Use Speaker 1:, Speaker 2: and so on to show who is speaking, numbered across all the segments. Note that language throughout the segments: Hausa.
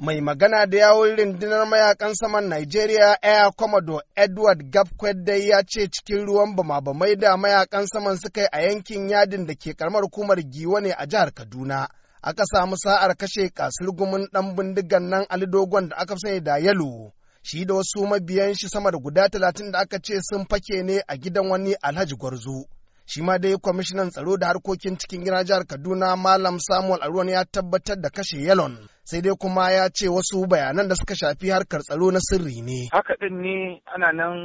Speaker 1: mai magana da yawon rundunar mayakan saman Nigeria Air Commodore Edward Gabquet dai ya ce cikin ruwan bama-bamai da mayakan saman suka yi a yankin yadin da ke karamar kumar Giwa ne a jihar Kaduna. Aka samu sa'ar kashe kasir ɗan bindigan nan Ali Dogon da aka sani da yalo. Shi da wasu mabiyan shi sama da guda talatin da aka ce sun fake ne a gidan wani Alhaji Gwarzo. shi ma dai kwamishinan tsaro da harkokin cikin gina jihar kaduna malam samuel aruwan ya tabbatar da kashe yalon sai dai kuma ya ce wasu bayanan da suka shafi harkar tsaro na sirri ne.
Speaker 2: Haka ɗin ne ana nan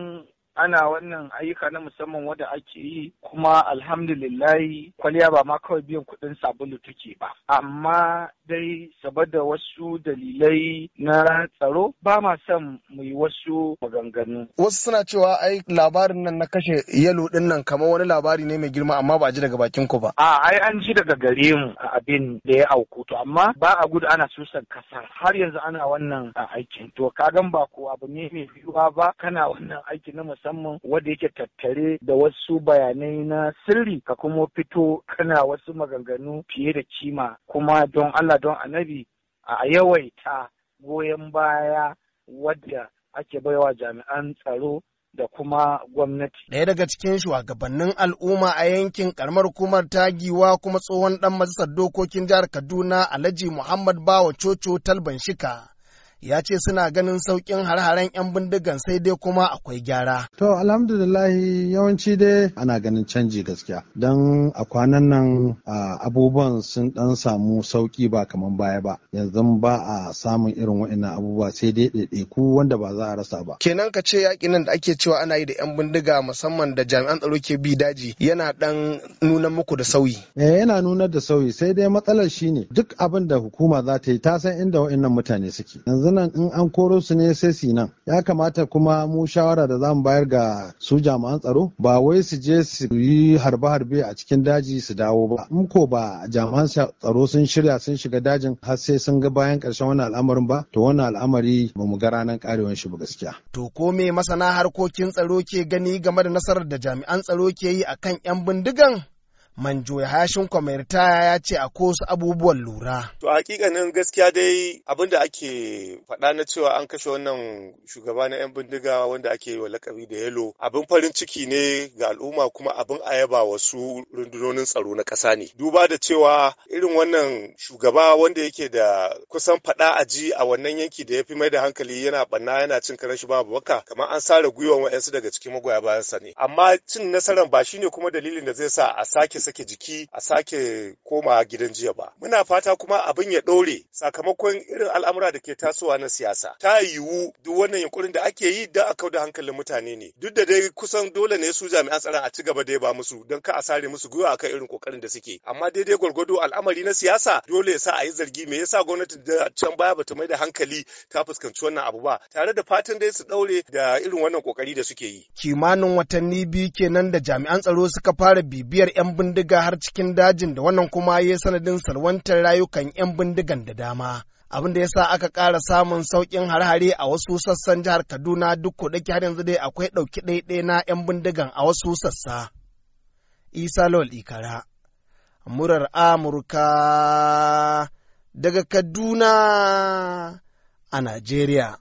Speaker 2: ana wannan ayyuka na musamman wanda ake yi kuma alhamdulillahi kwaliya ba
Speaker 1: ma kawai biyan kuɗin sabulu take ba
Speaker 2: amma dai saboda wasu dalilai na tsaro ba ma son mu yi wasu maganganu
Speaker 1: wasu suna cewa ai labarin nan na kashe yalo din nan kamar wani labari ne mai girma amma ba a ji daga bakin ku ba
Speaker 2: a ai an ji daga gare mu a abin da ya auku to amma ba a gudu ana susan kasa har yanzu ana wannan aikin to ka kagan ba ko abu ne mai biyuwa ba kana wannan aiki na musamman musamman wanda yake tattare da wasu bayanai na sirri ka kuma fito kana wasu maganganu fiye da kima kuma don Allah don annabi a yawaita goyon baya wadda ake baiwa jami'an tsaro da
Speaker 1: kuma gwamnati. Ɗaya daga cikin shugabannin al'umma a yankin karamar hukumar tagiwa kuma tsohon ɗan majalisar dokokin jihar Kaduna Alhaji Muhammad Bawa Coco Talban Shika ya ce suna ganin sauƙin har-haren 'yan bindigan sai dai kuma akwai gyara.
Speaker 3: To alhamdulillahi yawanci dai ana ganin canji gaskiya don a kwanan nan abubuwan sun ɗan samu sauƙi ba kamar baya ba yanzu ba a samun irin wa'ina abubuwa sai dai ɗaiɗaiku wanda ba za a rasa ba.
Speaker 1: Kenan ka ce yaƙin nan da ake cewa ana yi da 'yan bindiga musamman da jami'an tsaro ke bi daji yana ɗan nuna muku da sauyi.
Speaker 3: Eh yana nuna da sauyi sai dai matsalar shine duk abin da hukuma za ta yi ta san inda wa'innan mutane suke. Yanzu wannan in an koro su ne sai su nan ya kamata kuma mu shawara da zamu bayar ga su jami'an tsaro ba wai su je su yi harbe-harbe a cikin daji su dawo ba in ko ba jami'an tsaro sun shirya sun shiga dajin har sai sun ga bayan karshen wannan al'amarin ba to wannan al'amari ba mu ga ranar karewan shi ba gaskiya
Speaker 1: to ko me masana harkokin tsaro ke gani game da nasarar da jami'an tsaro ke yi akan 'yan bindigan manjo ya hashin ya ce a kosu abubuwan lura.
Speaker 4: To hakikanin gaskiya dai abin da ake faɗa na cewa an kashe wannan shugaba na 'yan bindiga wanda ake yi wa lakabi da yalo abin farin ciki ne ga al'umma kuma abin ayaba wasu rundunonin tsaro na ƙasa ne. Duba da cewa irin wannan shugaba wanda yake da kusan faɗa a ji a wannan yanki da ya fi mai da hankali yana ɓanna yana cin karen shi babu waka kamar an sare gwiwan wa'yansu daga cikin magoya bayansa ne. Amma cin nasarar ba shine kuma dalilin da zai sa a sake sake jiki a sake koma gidan jiya ba. Muna fata kuma abin ya ɗore sakamakon irin al'amura da ke tasowa na siyasa. Ta yiwu duk wannan yunkurin da ake yi da a da hankalin mutane ne. Duk da dai kusan dole ne su jami'an tsaron a ci gaba da ba musu don ka a sare musu gwiwa akan irin kokarin da suke. Amma daidai gwargwado al'amari na siyasa dole ya sa a yi zargi me yasa gwamnati da can baya bata mai da hankali ta fuskanci wannan abu ba tare da fatan dai su ɗaure da irin wannan kokari da suke yi.
Speaker 1: Kimanin watanni biyu kenan da jami'an tsaro suka fara bibiyar 'yan bindiga bindiga har cikin dajin da wannan kuma ya yi sanadin salwantar rayukan 'yan bindigan da dama. Abin da ya sa aka ƙara samun sauƙin har-hare a wasu sassan jihar Kaduna duk ko har yanzu dai akwai ɗauki ɗaiɗai na 'yan bindigan a wasu sassa. Isa Lawal Ikara, murar Amurka daga Kaduna a Najeriya.